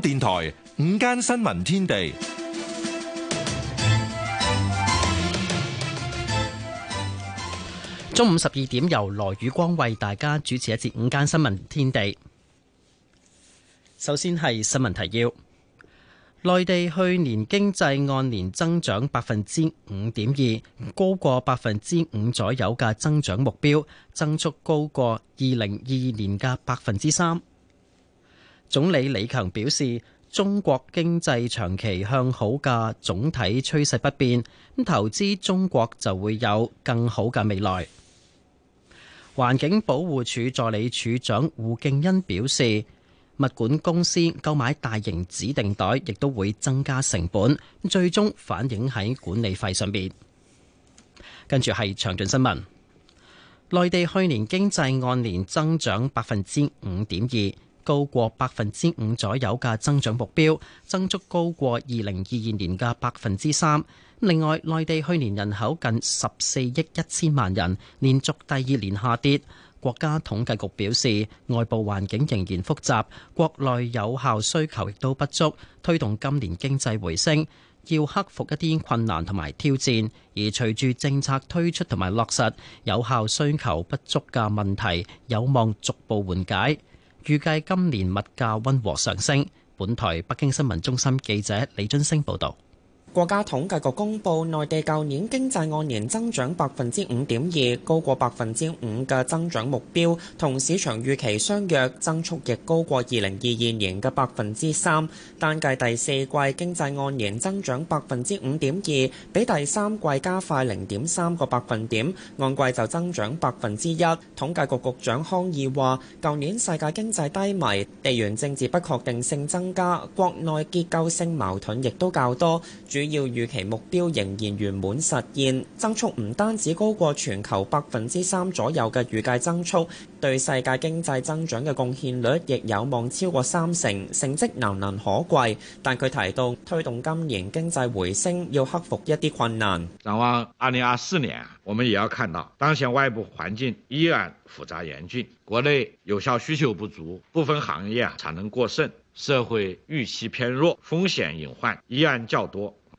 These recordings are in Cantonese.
電台午間新聞天地，中午十二點由羅宇光為大家主持一節午間新聞天地。首先係新聞提要：內地去年經濟按年增長百分之五點二，高過百分之五左右嘅增長目標，增速高過二零二二年嘅百分之三。總理李強表示，中國經濟長期向好嘅總體趨勢不變，咁投資中國就會有更好嘅未來。環境保護署助理署長胡敬恩表示，物管公司購買大型指定袋，亦都會增加成本，最終反映喺管理費上邊。跟住係詳盡新聞，內地去年經濟按年增長百分之五點二。高過百分之五左右嘅增長目標，增速高過二零二二年嘅百分之三。另外，內地去年人口近十四億一千萬人，連續第二年下跌。國家統計局表示，外部環境仍然複雜，國內有效需求亦都不足，推動今年經濟回升要克服一啲困難同埋挑戰。而隨住政策推出同埋落實，有效需求不足嘅問題有望逐步緩解。預計今年物價溫和上升。本台北京新聞中心記者李津星報導。國家統計局公布，內地舊年經濟按年增長百分之五點二，高過百分之五嘅增長目標，同市場預期相若，增速亦高過二零二二年嘅百分之三。單計第四季經濟按年增長百分之五點二，比第三季加快零點三個百分點，按季就增長百分之一。統計局局長康義話，舊年世界經濟低迷，地緣政治不確定性增加，國內結構性矛盾亦都較多。主要預期目標仍然圓滿實現，增速唔單止高過全球百分之三左右嘅預計增速，對世界經濟增長嘅貢獻率亦有望超過三成，成績難能可貴。但佢提到推動今年經濟回升要克服一啲困難。展望二零二四年，我們也要看到當前外部環境依然複雜嚴峻，國內有效需求不足，部分行業啊產能過剩，社會預期偏弱，風險隱患依然較多。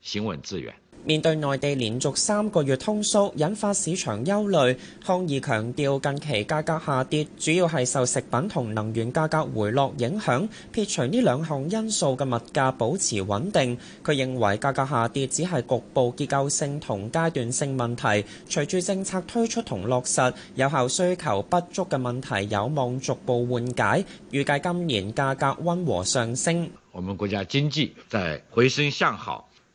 行穩致遠。面對內地連續三個月通縮，引發市場憂慮。康義強調，近期價格下跌主要係受食品同能源價格回落影響，撇除呢兩項因素嘅物價保持穩定。佢認為價格下跌只係局部結構性同階段性問題，隨住政策推出同落實，有效需求不足嘅問題有望逐步緩解，預計今年價格溫和上升。我們國家經濟在回升向好，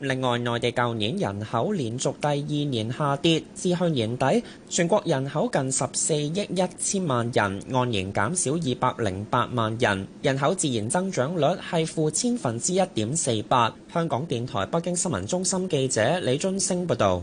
另外，內地舊年人口連續第二年下跌，至去年底，全國人口近十四億一千萬人，按年減少二百零八萬人，人口自然增長率係負千分之一點四八。香港電台北京新聞中心記者李津星報道。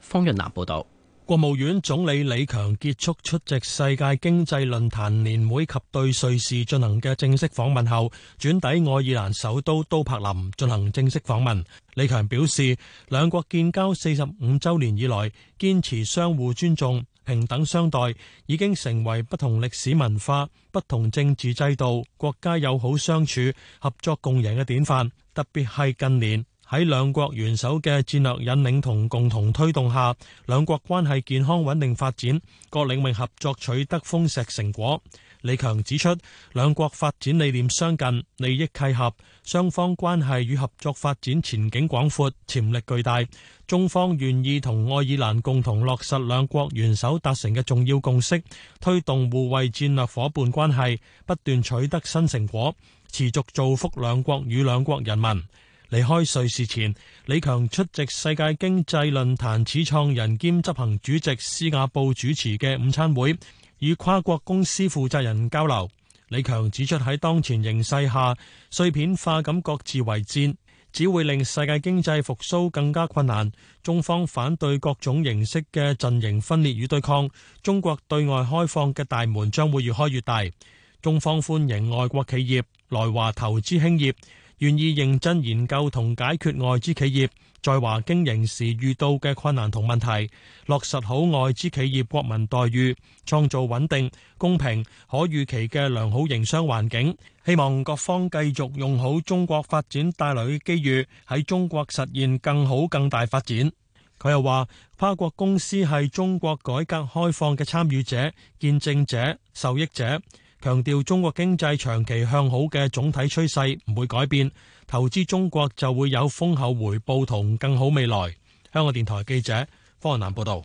方潤南報道，國務院總理李強結束出席世界經濟論壇年會及對瑞士進行嘅正式訪問後，轉抵愛爾蘭首都都柏林進行正式訪問。李強表示，兩國建交四十五周年以來，堅持相互尊重、平等相待，已經成為不同歷史文化、不同政治制度國家友好相處、合作共贏嘅典範。特別係近年。喺兩國元首嘅戰略引領同共同推動下，兩國關係健康穩定發展，各領域合作取得豐碩成果。李強指出，兩國發展理念相近，利益契合，雙方關係與合作發展前景廣闊，潛力巨大。中方願意同愛爾蘭共同落實兩國元首達成嘅重要共識，推動互惠戰略伙伴關係不斷取得新成果，持續造福兩國與兩國人民。離開瑞士前，李強出席世界經濟論壇始創人兼執行主席施瓦布主持嘅午餐會，與跨國公司負責人交流。李強指出，喺當前形勢下，碎片化咁各自為戰，只會令世界經濟復蘇更加困難。中方反對各種形式嘅陣營分裂與對抗。中國對外開放嘅大門將會越開越大。中方歡迎外國企業來華投資興業。願意認真研究同解決外資企業在華經營時遇到嘅困難同問題，落實好外資企業國民待遇，創造穩定、公平、可預期嘅良好營商環境。希望各方繼續用好中國發展帶來嘅機遇，喺中國實現更好更大發展。佢又話：跨國公司係中國改革開放嘅參與者、見證者、受益者。強調中國經濟長期向好嘅總體趨勢唔會改變，投資中國就會有豐厚回報同更好未來。香港電台記者方文南報道。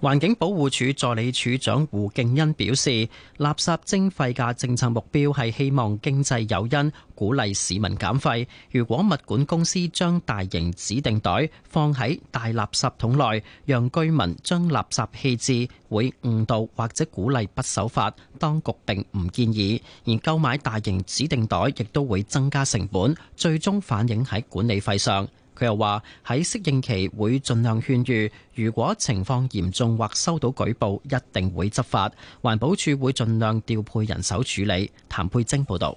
環境保護署助理署長胡敬恩表示，垃圾徵費嘅政策目標係希望經濟誘因，鼓勵市民減費。如果物管公司將大型指定袋放喺大垃圾桶內，讓居民將垃圾棄置，會誤導或者鼓勵不守法。當局並唔建議，而購買大型指定袋亦都會增加成本，最終反映喺管理費上。佢又話：喺適應期會盡量勸喻，如果情況嚴重或收到舉報，一定會執法。環保署會盡量調配人手處理。譚佩晶報道。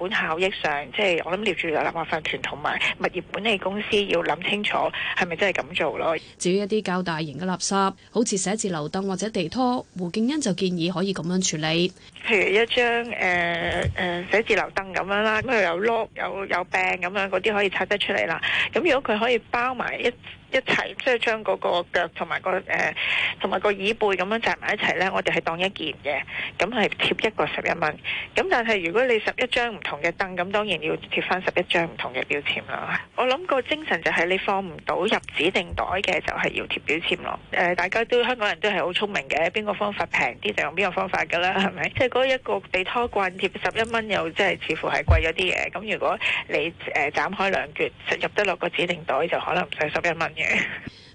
本效益上，即係我諗住立法團同埋物業管理公司要諗清楚，係咪真係咁做咯？至於一啲較大型嘅垃圾，好似寫字樓凳或者地拖，胡敬欣就建議可以咁樣處理，譬如一張誒誒寫字樓凳咁樣啦，咁佢有碌、有有柄咁樣嗰啲可以拆得出嚟啦。咁如果佢可以包埋一一齊即係將嗰個腳同埋、嗰個誒同埋個椅背咁樣紮埋一齊呢。我哋係當一件嘅，咁係貼一個十一蚊。咁但係如果你十一張唔同嘅凳，咁當然要貼翻十一張唔同嘅標籤啦。我諗個精神就係你放唔到入指定袋嘅，就係、是、要貼標籤咯。誒、呃，大家都香港人都係好聰明嘅，邊個方法平啲就用邊個方法㗎啦，係咪？即係嗰一個地拖棍貼十一蚊，又即係似乎係貴咗啲嘅。咁如果你誒、呃、斬開兩橛入得落個指定袋，就可能唔使十一蚊。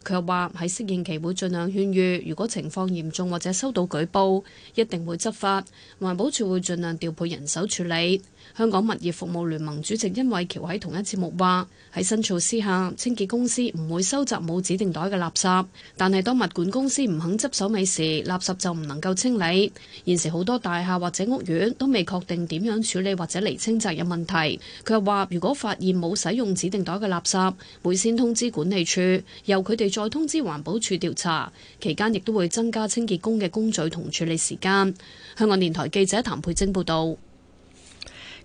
佢又話喺適應期會盡量勸喻，如果情況嚴重或者收到舉報，一定會執法。環保署會盡量調配人手處理。香港物業服務聯盟主席殷偉橋喺同一節目話：喺新措施下，清潔公司唔會收集冇指定袋嘅垃圾，但係當物管公司唔肯執手尾時，垃圾就唔能夠清理。現時好多大廈或者屋苑都未確定點樣處理或者釐清責任問題。佢又話：如果發現冇使用指定袋嘅垃圾，會先通知管理處，由佢哋再通知環保署調查。期間亦都會增加清潔工嘅工序同處理時間。香港電台記者譚佩貞報道。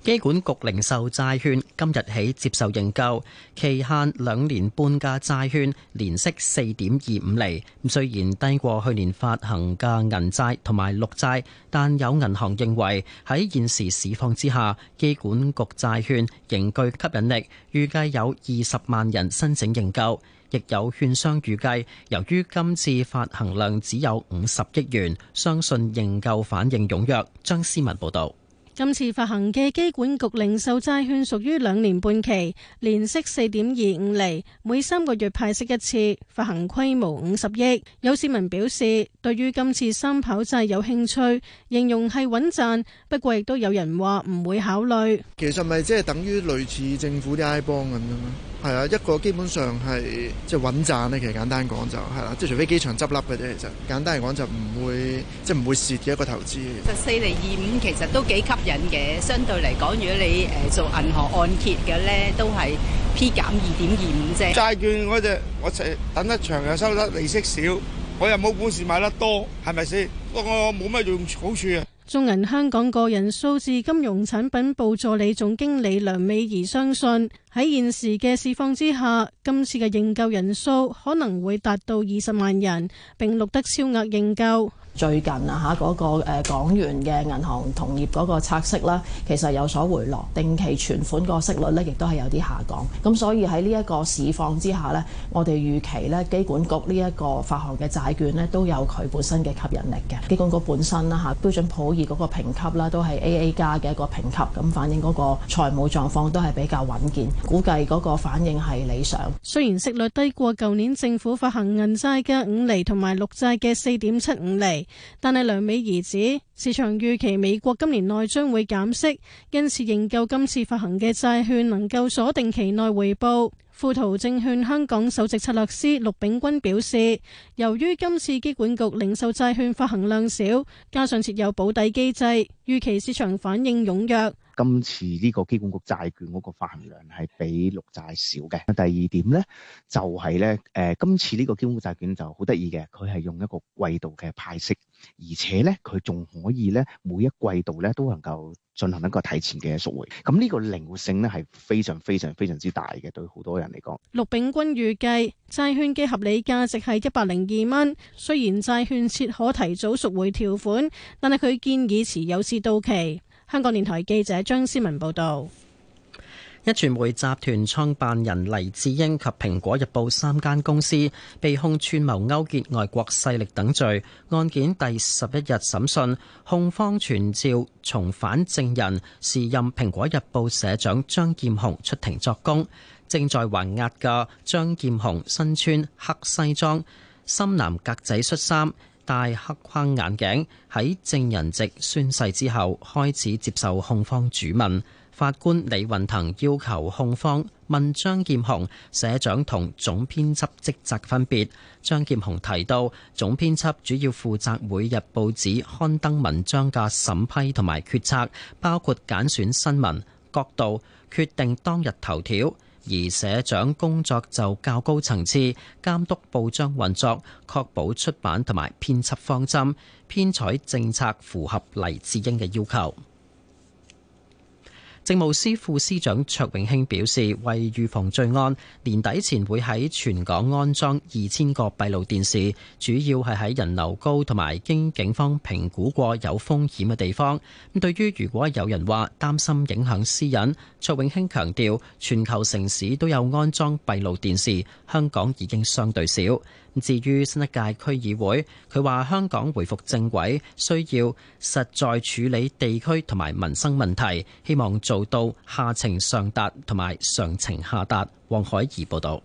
機管局零售債券今日起接受認購，期限兩年半嘅債券年息四點二五厘。雖然低過去年發行嘅銀債同埋綠債，但有銀行認為喺現時市況之下，機管局債券仍具吸引力。預計有二十萬人申請認購，亦有券商預計，由於今次發行量只有五十億元，相信認購反應踴躍。張思文報導。今次發行嘅基管局零售債券屬於兩年半期，年息四點二五厘，每三個月派息一次，發行規模五十億。有市民表示對於今次三跑債有興趣，形容係穩賺，不過亦都有人話唔會考慮。其實咪即係等於類似政府啲 I 幫咁樣。係啊，一個基本上係即係穩賺咧。其實簡單講就係、是、啦、啊，即係除非機場執笠嘅啫。其實簡單嚟講就唔會，即係唔會蝕嘅一個投資，就四厘二五其實都幾吸引。引嘅，相對嚟講，如果你誒做銀行按揭嘅咧，都係 P 減二點二五啫。債券嗰隻我等得長又收得利息少，我又冇本事買得多，係咪先？我我冇乜用好處啊。中銀香港個人數字金融產品部助理總經理梁美儀相信喺現時嘅市況之下，今次嘅認購人數可能會達到二十萬人，並錄得超額認購。最近啊吓嗰個誒港元嘅銀行同業嗰個拆息啦，其實有所回落，定期存款個息率咧亦都係有啲下降。咁所以喺呢一個市況之下咧，我哋預期咧機管局呢一個發行嘅債券咧都有佢本身嘅吸引力嘅。機管局本身啦吓標準普爾嗰個評級啦都係 AA 加嘅一個評級，咁反映嗰個財務狀況都係比較穩健，估計嗰個反應係理想。雖然息率低過舊年政府發行銀債嘅五厘同埋綠債嘅四點七五厘。但係梁美兒指市場預期美國今年內將會減息，因此認購今次發行嘅債券能夠鎖定期內回報。富途證券香港首席策略師陸炳君表示，由於今次機管局零售債券發行量少，加上設有保底機制，預期市場反應踴躍。今次呢個基管局債券嗰個發行量係比綠債少嘅。第二點呢，就係、是、呢。誒今次呢個基管局債券就好得意嘅，佢係用一個季度嘅派息，而且呢，佢仲可以呢，每一季度呢，都能夠進行一個提前嘅贖回。咁呢個靈活性呢，係非常非常非常之大嘅，對好多人嚟講。陸炳君預計債券嘅合理價值係一百零二蚊。雖然債券設可提早贖回條款，但係佢建議持有至到期。香港電台記者張思文報道，一傳媒集團創辦人黎智英及蘋果日報三間公司被控串謀勾結外國勢力等罪，案件第十一日審訊，控方傳召重返證人，時任蘋果日報社長張劍虹出庭作供。正在還押嘅張劍虹身穿黑西裝、深藍格仔恤衫，戴黑框眼鏡，喺證人席宣誓之後開始接受控方主問。法官李運騰要求控方問張劍雄社長同總編輯職責分別。張劍雄提到，總編輯主要負責每日報紙刊登文章嘅審批同埋決策，包括揀選新聞角度，決定當日頭條。而社長工作就較高層次監督報章運作，確保出版同埋編輯方針、編採政策符合黎智英嘅要求。政務司副司長卓永興表示，為預防罪案，年底前會喺全港安裝二千個閉路電視，主要係喺人流高同埋經警方評估過有風險嘅地方。咁對於如果有人話擔心影響私隱，卓永興強調，全球城市都有安裝閉路電視，香港已經相對少。至於新一屆區議會，佢話香港回復正軌需要實在處理地區同埋民生問題，希望做到下情上達同埋上情下達。黃海怡報導。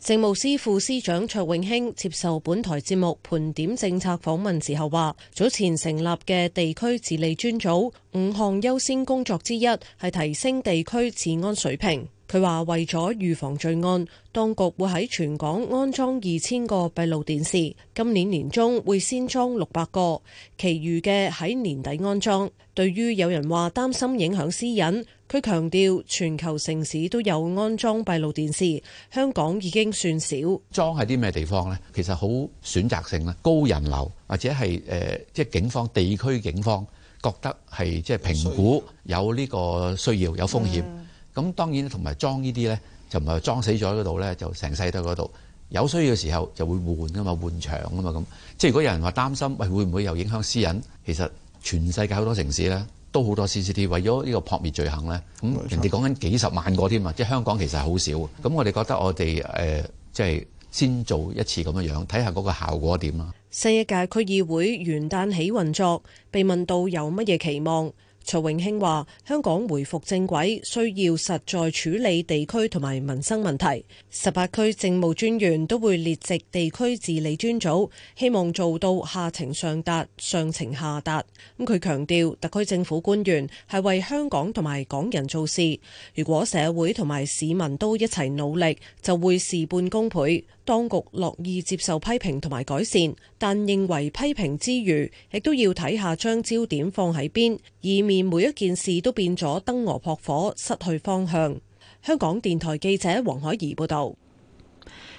政務司副司長卓永興接受本台節目盤點政策訪問時候話：早前成立嘅地區治理專組，五項優先工作之一係提升地區治安水平。佢話：為咗預防罪案，當局會喺全港安裝二千個閉路電視。今年年中會先裝六百個，其餘嘅喺年底安裝。對於有人話擔心影響私隱，佢強調：全球城市都有安裝閉路電視，香港已經算少。裝喺啲咩地方呢？其實好選擇性啦，高人流或者係誒，即係警方地區警方覺得係即係評估有呢個需要，有風險。嗯咁當然同埋裝呢啲呢，就唔係裝死咗嗰度呢，就成世都嗰度有需要嘅時候就會換噶嘛，換牆噶嘛咁。即係如果有人話擔心，喂、哎、會唔會又影響私隱？其實全世界好多城市呢，都好多 CCTV，為咗呢個撲滅罪行呢。咁人哋講緊幾十萬個添啊！即係香港其實好少。咁我哋覺得我哋誒，即、呃、係、就是、先做一次咁樣樣，睇下嗰個效果點啦。新一屆區議會元旦起運作，被問到有乜嘢期望？曹永興話，香港回復正軌需要實在處理地區同埋民生問題。十八區政務專員都會列席地區治理專組，希望做到下情上達、上情下達。咁佢強調，特區政府官員係為香港同埋港人做事。如果社會同埋市民都一齊努力，就會事半功倍。當局樂意接受批評同埋改善，但認為批評之餘，亦都要睇下將焦點放喺邊，以免。每一件事都變咗燈蛾撲火，失去方向。香港電台記者黃海怡報道。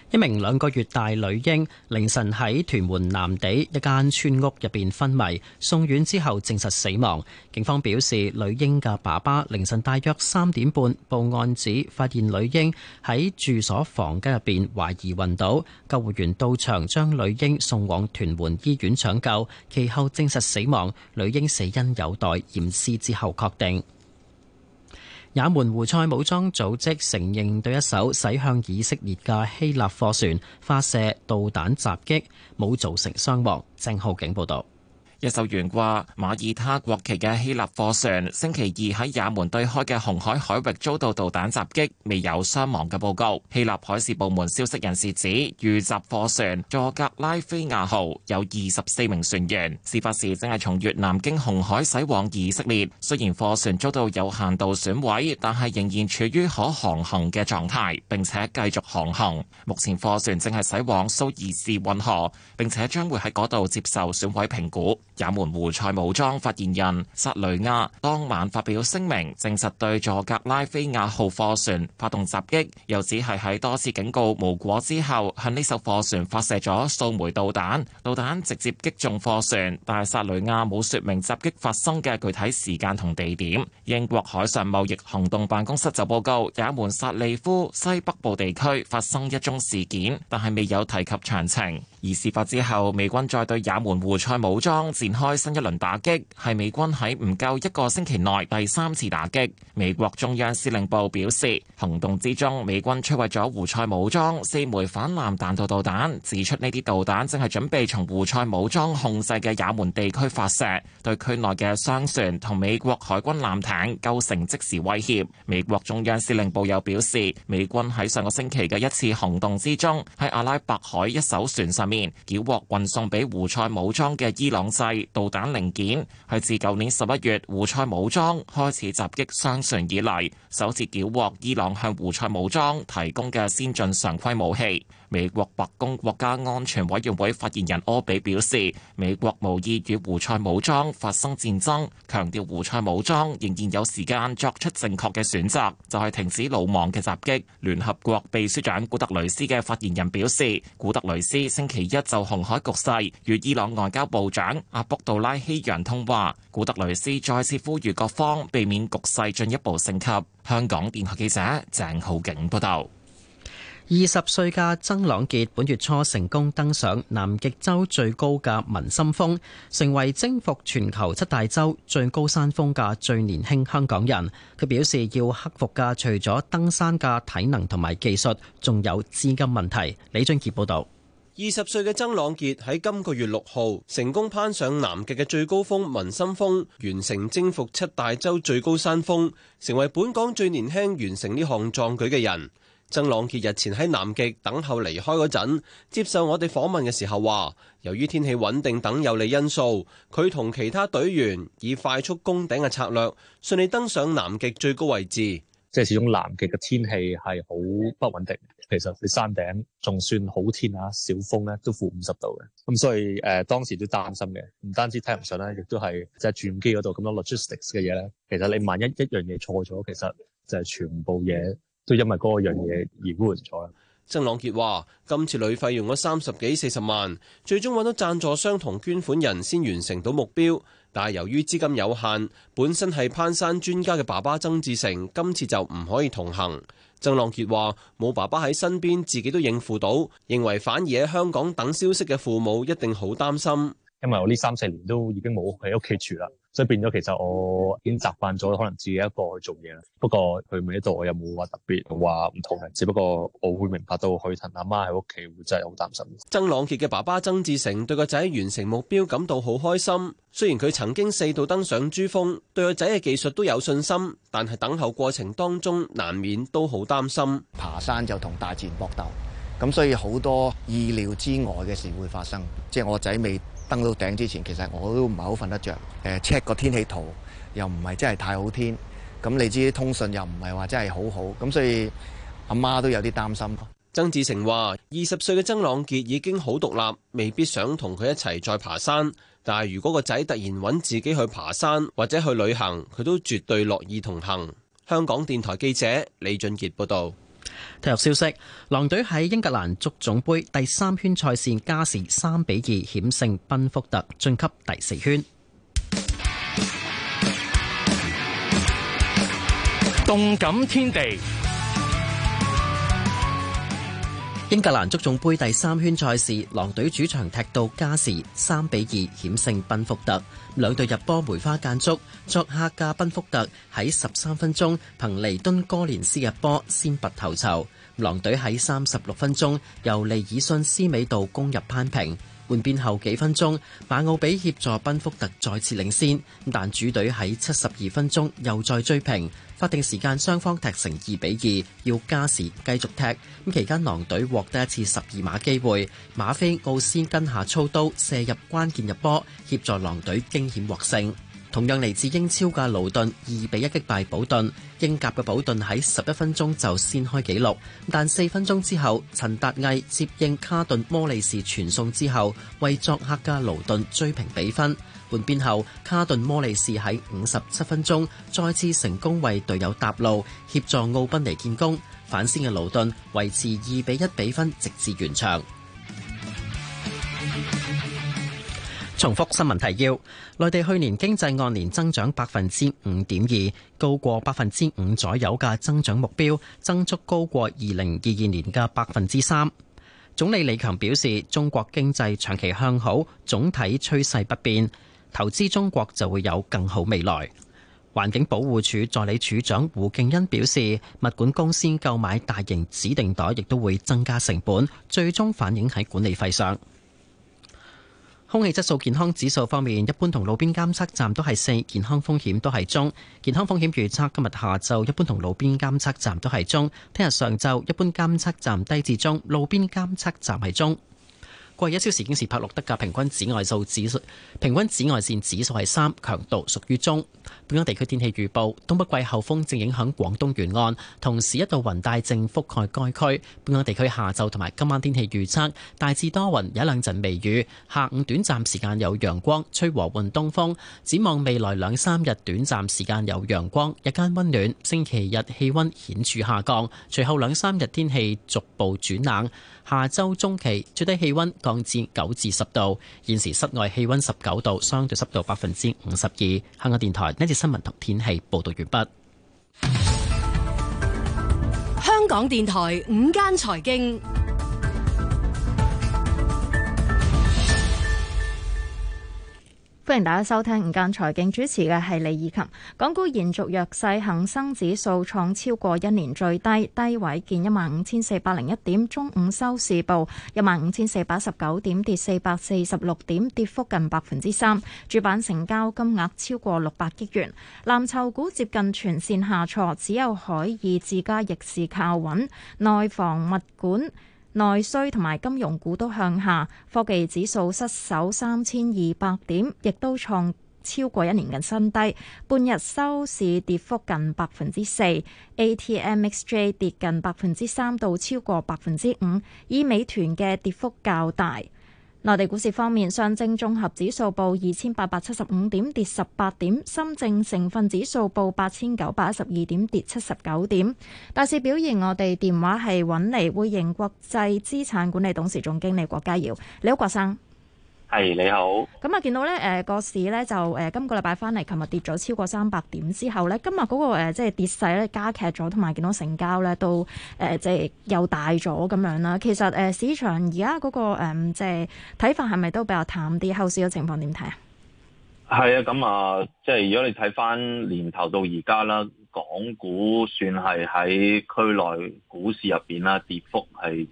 一名兩個月大女嬰凌晨喺屯門南地一間村屋入邊昏迷，送院之後證實死亡。警方表示，女嬰嘅爸爸凌晨大約三點半報案指發現女嬰喺住所房間入邊懷疑暈倒，救護員到場將女嬰送往屯門醫院搶救，其後證實死亡。女嬰死因有待驗屍之後確定。也門胡塞武裝組織承認對一艘駛向以色列嘅希臘貨船發射導彈襲擊，冇造成傷亡。鄭浩景報道。一艘懸掛馬爾他國旗嘅希臘貨船星期二喺也門對開嘅紅海海域遭到導彈襲擊，未有傷亡嘅報告。希臘海事部門消息人士指，遇襲貨船「佐格拉菲亞號」有二十四名船員，事發時正係從越南經紅海駛往以色列。雖然貨船遭到有限度損毀，但係仍然處於可航行嘅狀態，並且繼續航行。目前貨船正係駛往蘇伊士運河，並且將會喺嗰度接受損毀評估。也門胡塞武裝發言人薩雷亞當晚發表聲明，證實對佐格拉菲亞號貨船發動襲擊，又只係喺多次警告無果之後向呢艘貨船發射咗數枚導彈，導彈直接擊中貨船，但係薩雷亞冇說明襲擊發生嘅具體時間同地點。英國海上貿易行動辦公室就報告也門薩利夫西北部地區發生一宗事件，但係未有提及詳情。而事發之後，美軍再對也門胡塞武裝展開新一輪打擊，係美軍喺唔夠一個星期內第三次打擊。美國中央司令部表示，行動之中美軍摧毀咗胡塞武裝四枚反艦彈道導彈，指出呢啲導彈正係準備從胡塞武裝控制嘅也門地區發射，對區內嘅商船同美國海軍艦艇構成即時威脅。美國中央司令部又表示，美軍喺上個星期嘅一次行動之中，喺阿拉伯海一艘船上面繳獲運送俾胡塞武裝嘅伊朗製導彈零件，係自舊年十一月胡塞武裝開始襲擊商船以嚟，首次繳獲伊朗向胡塞武裝提供嘅先進常規武器。美國白宮國家安全委員會發言人柯比表示，美國無意與胡塞武裝發生戰爭，強調胡塞武裝仍然有時間作出正確嘅選擇，就係、是、停止魯莽嘅襲擊。聯合國秘書長古特雷斯嘅發言人表示，古特雷斯星期一就紅海局勢與伊朗外交部長阿卜杜拉希揚通話，古特雷斯再次呼籲各方避免局勢進一步升級。香港電台記者鄭浩景報道。二十歲嘅曾朗杰本月初成功登上南極洲最高嘅文森峰，成為征服全球七大洲最高山峰嘅最年輕香港人。佢表示要克服嘅除咗登山嘅體能同埋技術，仲有資金問題。李俊杰報道：二十歲嘅曾朗杰喺今個月六號成功攀上南極嘅最高峰文森峰，完成征服七大洲最高山峰，成為本港最年輕完成呢項壯舉嘅人。曾朗杰日前喺南極等候離開嗰陣，接受我哋訪問嘅時候話，由於天氣穩定等有利因素，佢同其他隊員以快速攻頂嘅策略，順利登上南極最高位置。即係始終南極嘅天氣係好不穩定。其實佢山頂仲算好天啊，小風咧都負五十度嘅。咁所以誒、呃、當時都擔心嘅。唔單止睇唔上啦，亦都係即係轉機嗰度咁多 logistics 嘅嘢咧。其實你萬一一樣嘢錯咗，其實就係全部嘢。都因為嗰樣嘢而估咗。曾朗傑話：今次旅費用咗三十幾四十萬，最終揾到贊助商同捐款人先完成到目標。但係由於資金有限，本身係攀山專家嘅爸爸曾志成，今次就唔可以同行。曾朗傑話：冇爸爸喺身邊，自己都應付到，認為反而喺香港等消息嘅父母一定好擔心。因為我呢三四年都已經冇喺屋企住啦。所以變咗，其實我已經習慣咗可能自己一個去做嘢啦。不過佢喺度，我又冇話特別話唔同人。只不過我會明白到佢同阿媽喺屋企會真係好擔心。曾朗傑嘅爸爸曾志成對個仔完成目標感到好開心。雖然佢曾經四度登上珠峰，對個仔嘅技術都有信心，但係等候過程當中，難免都好擔心。爬山就同大自然搏鬥，咁所以好多意料之外嘅事會發生。即係我個仔未登到頂之前，其實我都唔係好瞓得着。誒，check 個天氣圖又唔係真係太好天，咁你知啲通訊又唔係話真係好好，咁所以阿媽，媽都有啲擔心。曾志成話：二十歲嘅曾朗傑已經好獨立，未必想同佢一齊再爬山。但係如果個仔突然揾自己去爬山或者去旅行，佢都絕對樂意同行。香港電台記者李俊傑報道。體育消息：狼隊喺英格蘭足總盃第三圈賽線加時三比二險勝賓福特，晉級第四圈。動感天地。英格蘭足總杯第三圈賽事，狼隊主場踢到加時三比二險勝賓福特。兩隊入波梅花間竹，作客加賓福特喺十三分鐘憑尼敦哥連斯入波先拔頭籌，狼隊喺三十六分鐘由利爾遜斯美度攻入扳平。換邊後幾分鐘，馬奧比協助賓福特再次領先，但主隊喺七十二分鐘又再追平。法定時間雙方踢成二比二，要加時繼續踢。咁期間狼隊獲得一次十二碼機會，馬菲奧斯跟下操刀射入關鍵入波，協助狼隊驚險獲勝。同樣嚟自英超嘅勞頓二比一擊敗保頓。英甲嘅保頓喺十一分鐘就先開紀錄，但四分鐘之後，陳達毅接應卡頓摩利士傳送之後，為作客嘅勞頓追平比分。換邊後，卡頓摩利士喺五十七分鐘再次成功為隊友搭路，協助奧賓尼建功。反先嘅勞頓維持二比一比分，直至完場。重複新聞提要：內地去年經濟按年增長百分之五點二，高過百分之五左右嘅增長目標，增速高過二零二二年嘅百分之三。總理李強表示，中國經濟長期向好，總體趨勢不變。投資中國就會有更好未來。環境保護署助理署長胡敬欣表示，物管公司購買大型指定袋亦都會增加成本，最終反映喺管理費上。空氣質素健康指數方面，一般同路邊監測站都係四，健康風險都係中。健康風險預測今日下晝一般同路邊監測站都係中，聽日上晝一般監測站低至中，路邊監測站係中。過去一小時已經是錄得嘅平均紫外線指數，平均紫外線指數係三，強度屬於中。本港地區天氣預報：東北季候風正影響廣東沿岸，同時一道雲帶正覆蓋該區。本港地區下晝同埋今晚天氣預測大致多雲，有一兩陣微雨。下午短暫時間有陽光，吹和緩東風。展望未來兩三日短暫時間有陽光，日間溫暖。星期日氣溫顯著下降，隨後兩三日天氣逐步轉冷。下週中期最低氣溫。降至九至十度，現時室外氣溫十九度，相對濕度百分之五十二。香港電台呢節新聞同天氣報道完畢。香港電台午間財經。歡迎大家收聽午間財經，主持嘅係李綺琴。港股延續弱勢，恒生指數創超過一年最低，低位見一萬五千四百零一點。中午收市報一萬五千四百十九點，跌四百四十六點，跌幅近百分之三。主板成交金額超過六百億元。藍籌股接近全線下挫，只有海爾智家逆市靠穩。內房物管內需同埋金融股都向下，科技指數失守三千二百點，亦都創超過一年嘅新低。半日收市跌幅近百分之四，ATMXJ 跌近百分之三到超過百分之五，以美團嘅跌幅較大。內地股市方面，上證綜合指數報二千八百七十五點，跌十八點；深證成分指數報八千九百一十二點，跌七十九點。大市表現，我哋電話係揾嚟，滙盈國際資產管理董事總經理郭佳瑤，你好，郭生。係你好，咁啊、嗯、見到咧，誒、呃、個市咧就誒、呃、今個禮拜翻嚟，琴日跌咗超過三百點之後咧，今日嗰、那個誒、呃、即係跌勢咧加劇咗，同埋見到成交咧都誒即係又大咗咁樣啦。其實誒、呃、市場而家嗰個誒、呃、即係睇法係咪都比較淡啲？後市嘅情況點睇啊？係、嗯、啊，咁啊、嗯，即係如果你睇翻年頭到而家啦，港股算係喺區內股市入邊啦，跌幅係，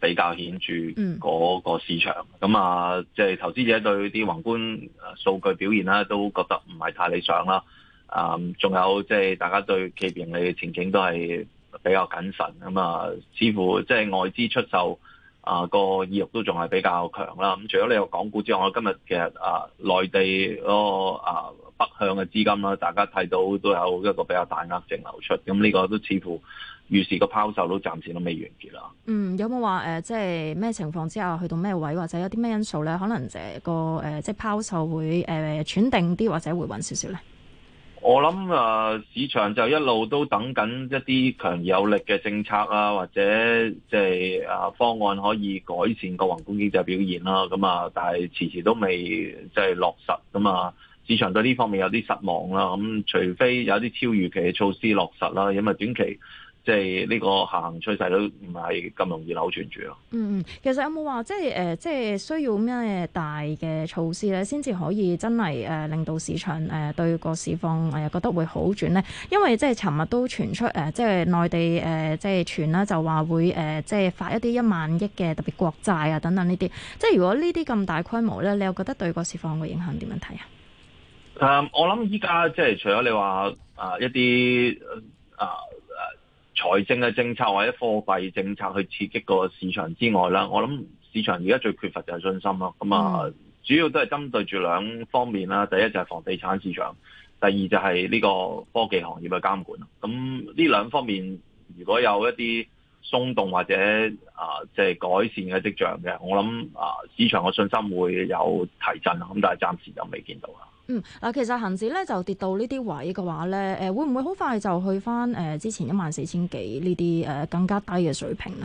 比較顯著嗰個市場，咁啊，即、就、係、是、投資者對啲宏觀數據表現啦、啊，都覺得唔係太理想啦。啊、嗯，仲有即係大家對企業盈利嘅前景都係比較謹慎。咁啊，似乎即係外資出售。啊，這個意欲都仲係比較強啦。咁、嗯、除咗你個港股之外，我今日其實啊，內地嗰、那個啊北向嘅資金啦，大家睇到都有一個比較大額淨流出。咁、嗯、呢、這個都似乎預示個拋售都暫時都未完結啦。嗯，有冇話誒，即係咩情況之下去到咩位，或者有啲咩因素咧，可能誒個誒即係拋售會誒喘、呃、定啲，或者回穩少少咧？我諗啊，市場就一路都等緊一啲強有力嘅政策啊，或者即、就、係、是、啊方案可以改善個宏觀經濟表現啦、啊。咁啊，但係遲遲都未即係落實咁啊，市場對呢方面有啲失望啦、啊。咁、啊、除非有啲超預期嘅措施落實啦、啊，因為短期。即係呢個下行趨勢都唔係咁容易扭轉住咯。嗯嗯，其實有冇話即係誒，即係需要咩大嘅措施咧，先至可以真係誒令到市場誒對個市況誒覺得會好轉咧？因為即係尋日都傳出誒，即係內地誒，即係傳啦，就話會誒，即係發一啲一萬億嘅特別國債啊等等呢啲。即係如果呢啲咁大規模咧，你又覺得對個市況會影響點樣睇啊？誒，我諗依家即係除咗你話啊一啲啊。呃呃財政嘅政策或者貨幣政策去刺激個市場之外啦，我諗市場而家最缺乏就係信心咯。咁啊，主要都係針對住兩方面啦，第一就係房地產市場，第二就係呢個科技行業嘅監管。咁呢兩方面如果有一啲鬆動或者啊即係、就是、改善嘅跡象嘅，我諗啊市場嘅信心會有提振，咁但係暫時就未見到。嗯，嗱，其實恆指咧就跌到呢啲位嘅話咧，誒會唔會好快就去返誒、呃、之前一萬四千幾呢啲誒更加低嘅水平咧？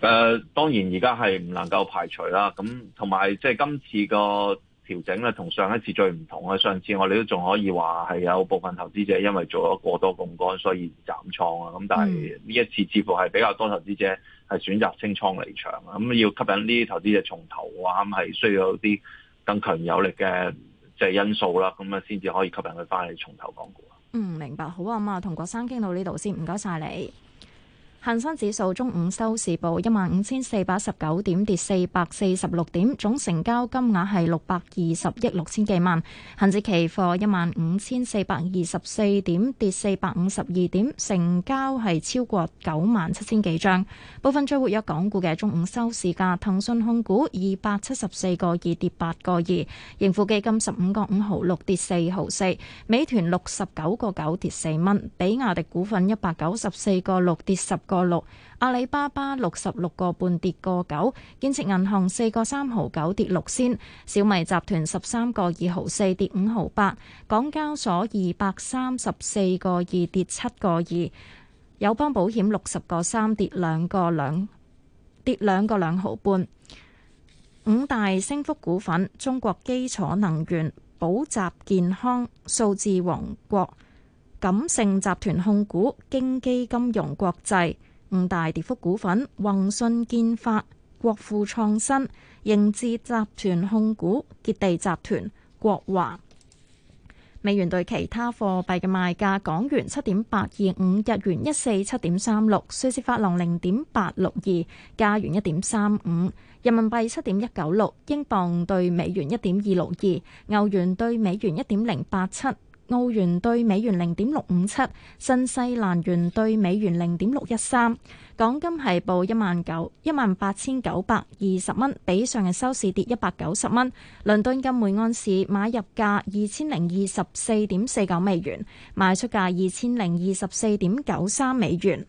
誒、呃、當然而家係唔能夠排除啦。咁同埋即係今次個調整咧，同上一次最唔同啊！上次我哋都仲可以話係有部分投資者因為做咗過多槓桿，所以斬倉啊。咁但係呢一次似乎係比較多投資者係選擇清倉離場啊。咁要吸引呢啲投資者重投嘅話，咁係需要啲更強有力嘅嘅因素啦，咁啊先至可以吸引佢翻嚟重投港股。嗯，明白。好啊，咁啊同郭生傾到呢度先，唔該晒你。恒生指數中午收市報一萬五千四百十九點，跌四百四十六點，總成交金額係六百二十億六千幾萬。恒指期貨一萬五千四百二十四點，跌四百五十二點，成交係超過九萬七千幾張。部分最活躍港股嘅中午收市價：騰訊控股二百七十四個二跌八個二，盈富基金十五個五毫六跌四毫四，美團六十九個九跌四蚊，比亞迪股份一百九十四個六跌十。個六，阿里巴巴六十六個半，跌個九，建設銀行四個三毫九跌六仙，小米集團十三個二毫四跌五毫八，港交所二百三十四個二跌七個二，友邦保險六十個三跌兩個兩跌兩個兩毫半，五大升幅股份：中國基礎能源、保集健康、數字王國。錦盛集團控股、京基金融國際。五大跌幅股份，宏信建發、國富創新、應志集團控股、結地集團、國華。美元對其他貨幣嘅賣價：港元七點八二五，日元一四七點三六，瑞士法郎零點八六二，加元一點三五，人民幣七點一九六，英鎊兌美元一點二六二，歐元兌美元一點零八七。澳元兌美元零點六五七，新西蘭元兌美元零點六一三，港金係報一萬九一萬八千九百二十蚊，比上日收市跌一百九十蚊。倫敦金每安士買入價二千零二十四點四九美元，賣出價二千零二十四點九三美元。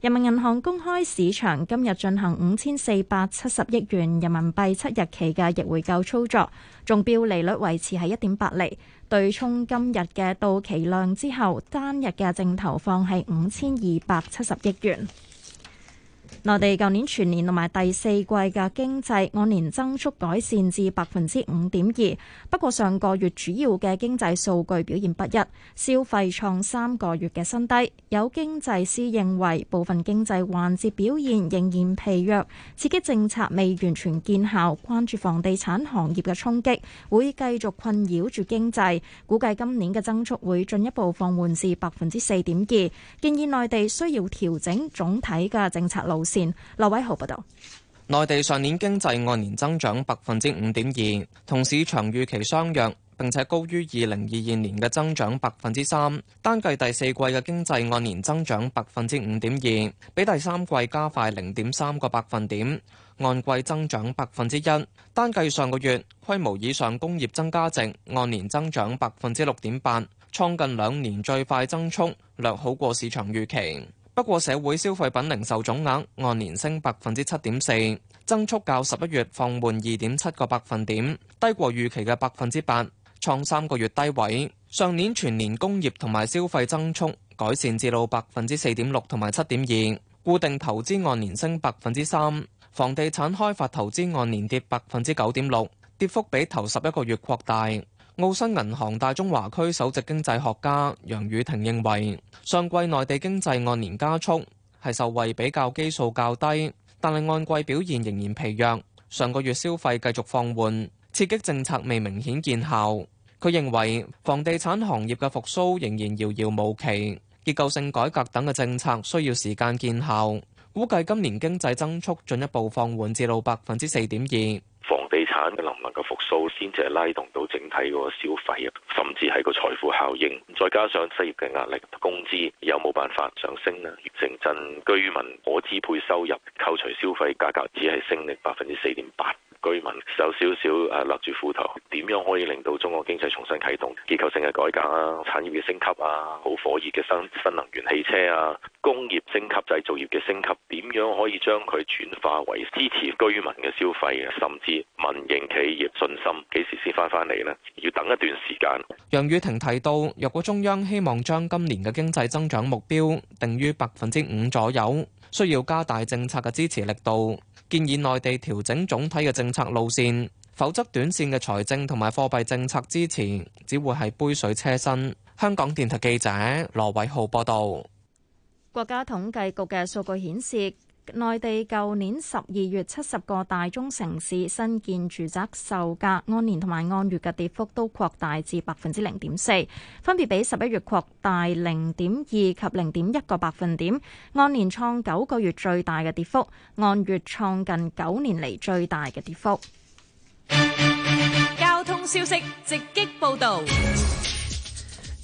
人民銀行公開市場今日進行五千四百七十億元人民幣七日期嘅逆回購操作，中標利率維持喺一點八厘，對沖今日嘅到期量之後，單日嘅淨投放係五千二百七十億元。內地舊年全年同埋第四季嘅經濟按年增速改善至百分之五點二，不過上個月主要嘅經濟數據表現不一，消費創三個月嘅新低。有經濟師認為部分經濟環節表現仍然疲弱，刺激政策未完全見效，關注房地產行業嘅衝擊會繼續困擾住經濟，估計今年嘅增速會進一步放緩至百分之四點二。建議內地需要調整總體嘅政策路線。劉偉豪報道，內地上年經濟按年增長百分之五點二，同市場預期相若，並且高於二零二二年嘅增長百分之三。單計第四季嘅經濟按年增長百分之五點二，比第三季加快零點三個百分點，按季增長百分之一。單計上個月規模以上工業增加值按年增長百分之六點八，創近兩年最快增速，略好過市場預期。不過，社會消費品零售總額按年升百分之七點四，增速較十一月放緩二點七個百分點，低過預期嘅百分之八，創三個月低位。上年全年工業同埋消費增速改善至到百分之四點六同埋七點二，固定投資按年升百分之三，房地產開發投資按年跌百分之九點六，跌幅比頭十一個月擴大。澳新銀行大中華區首席經濟學家楊宇霆認為，上季內地經濟按年加速，係受惠比較基數較低，但係按季表現仍然疲弱。上個月消費繼續放緩，刺激政策未明顯見效。佢認為，房地產行業嘅復甦仍然遙遙無期，結構性改革等嘅政策需要時間見效。估計今年經濟增速進一步放緩至到百分之四點二。房地產能唔能夠復蘇，先至係拉動到整體嗰個消費啊，甚至係個財富效應。再加上失業嘅壓力，工資有冇辦法上升呢？城鎮居民可支配收入扣除消費價格只係升力百分之四點八，居民受少少誒勒住褲頭。點樣可以令到中國經濟重新啟動？結構性嘅改革啊，產業嘅升級啊，好火熱嘅新新能源汽車啊，工業升級、製造業嘅升級，點樣可以將佢轉化為支持居民嘅消費啊，甚至？民營企業信心幾時先翻返嚟呢？要等一段時間。楊雨婷提到，若果中央希望將今年嘅經濟增長目標定於百分之五左右，需要加大政策嘅支持力度，建議內地調整總體嘅政策路線，否則短線嘅財政同埋貨幣政策支持只會係杯水車薪。香港電台記者羅偉浩報道。國家統計局嘅數據顯示。內地舊年十二月七十個大中城市新建住宅售價按年同埋按月嘅跌幅都擴大至百分之零點四，分別比十一月擴大零點二及零點一個百分點，按年創九個月最大嘅跌幅，按月創近九年嚟最大嘅跌幅。交通消息直擊報導。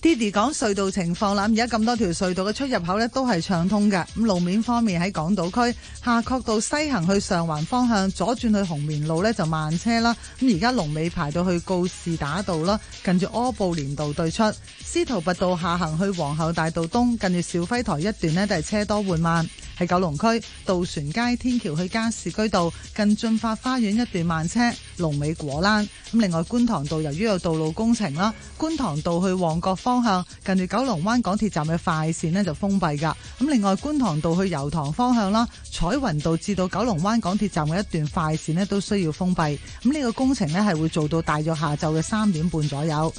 Didi 講隧道情況啦，而家咁多條隧道嘅出入口咧都係暢通嘅。咁路面方面喺港島區，夏慤道西行去上環方向左轉去紅棉路咧就慢車啦。咁而家龍尾排到去告士打道啦，近住柯布連道對出，司徒拔道下行去皇后大道東，近住肇輝台一段呢都係車多緩慢。喺九龍區，渡船街天橋去加士居道，近駿發花園一段慢車，龍尾果欄。咁，另外觀塘道由於有道路工程啦，觀塘道去旺角方向，近住九龍灣港鐵站嘅快綫咧就封閉噶。咁另外觀塘道去油塘方向啦，彩雲道至到九龍灣港鐵站嘅一段快綫咧都需要封閉。咁呢個工程咧係會做到大約下晝嘅三點半左右。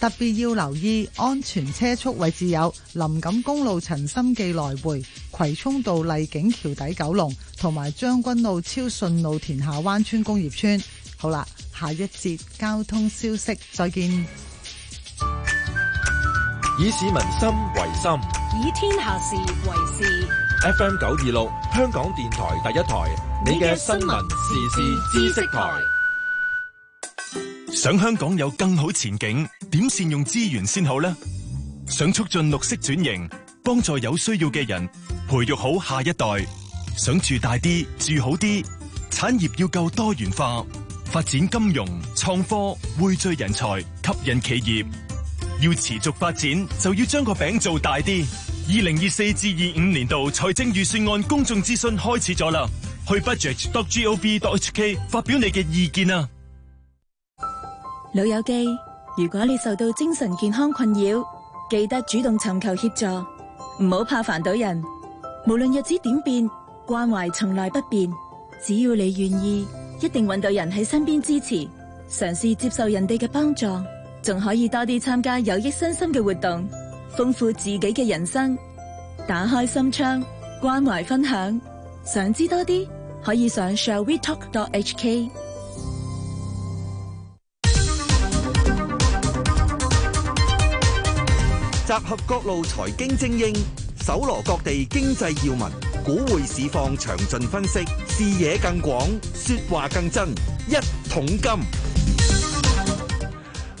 特別要留意安全車速位置有林錦公路陳心記來回、葵涌道麗景橋底九龍同埋將軍路超順路田下灣村工業村。好啦，下一節交通消息，再見。以市民心為心，以天下事為事。F M 九二六，香港電台第一台，聞你嘅新聞時事知識台。想香港有更好前景，點善用資源先好呢？想促進綠色轉型，幫助有需要嘅人，培育好下一代。想住大啲，住好啲，產業要夠多元化，發展金融、創科、匯聚人才、吸引企業。要持續發展，就要將個餅做大啲。二零二四至二五年度財政預算案公眾諮詢開始咗啦，去 budget.gov.hk 發表你嘅意見啊！老友記，如果你受到精神健康困擾，記得主動尋求協助，唔好怕煩到人。無論日子點變，關懷從來不變。只要你願意，一定揾到人喺身邊支持。嘗試接受人哋嘅幫助，仲可以多啲參加有益身心嘅活動，豐富自己嘅人生。打開心窗，關懷分享。想知多啲，可以上 shall we talk dot hk。集合各路財經精英，搜羅各地經濟要聞，股匯市況詳盡分析，視野更廣，說話更真。一桶金，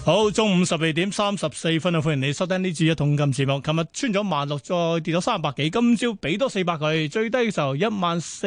好，中午十二點三十四分啊！歡迎你收聽呢次一桶金節目。琴日穿咗萬六，再跌咗三百幾，今朝俾多四百佢，最低嘅時候一萬。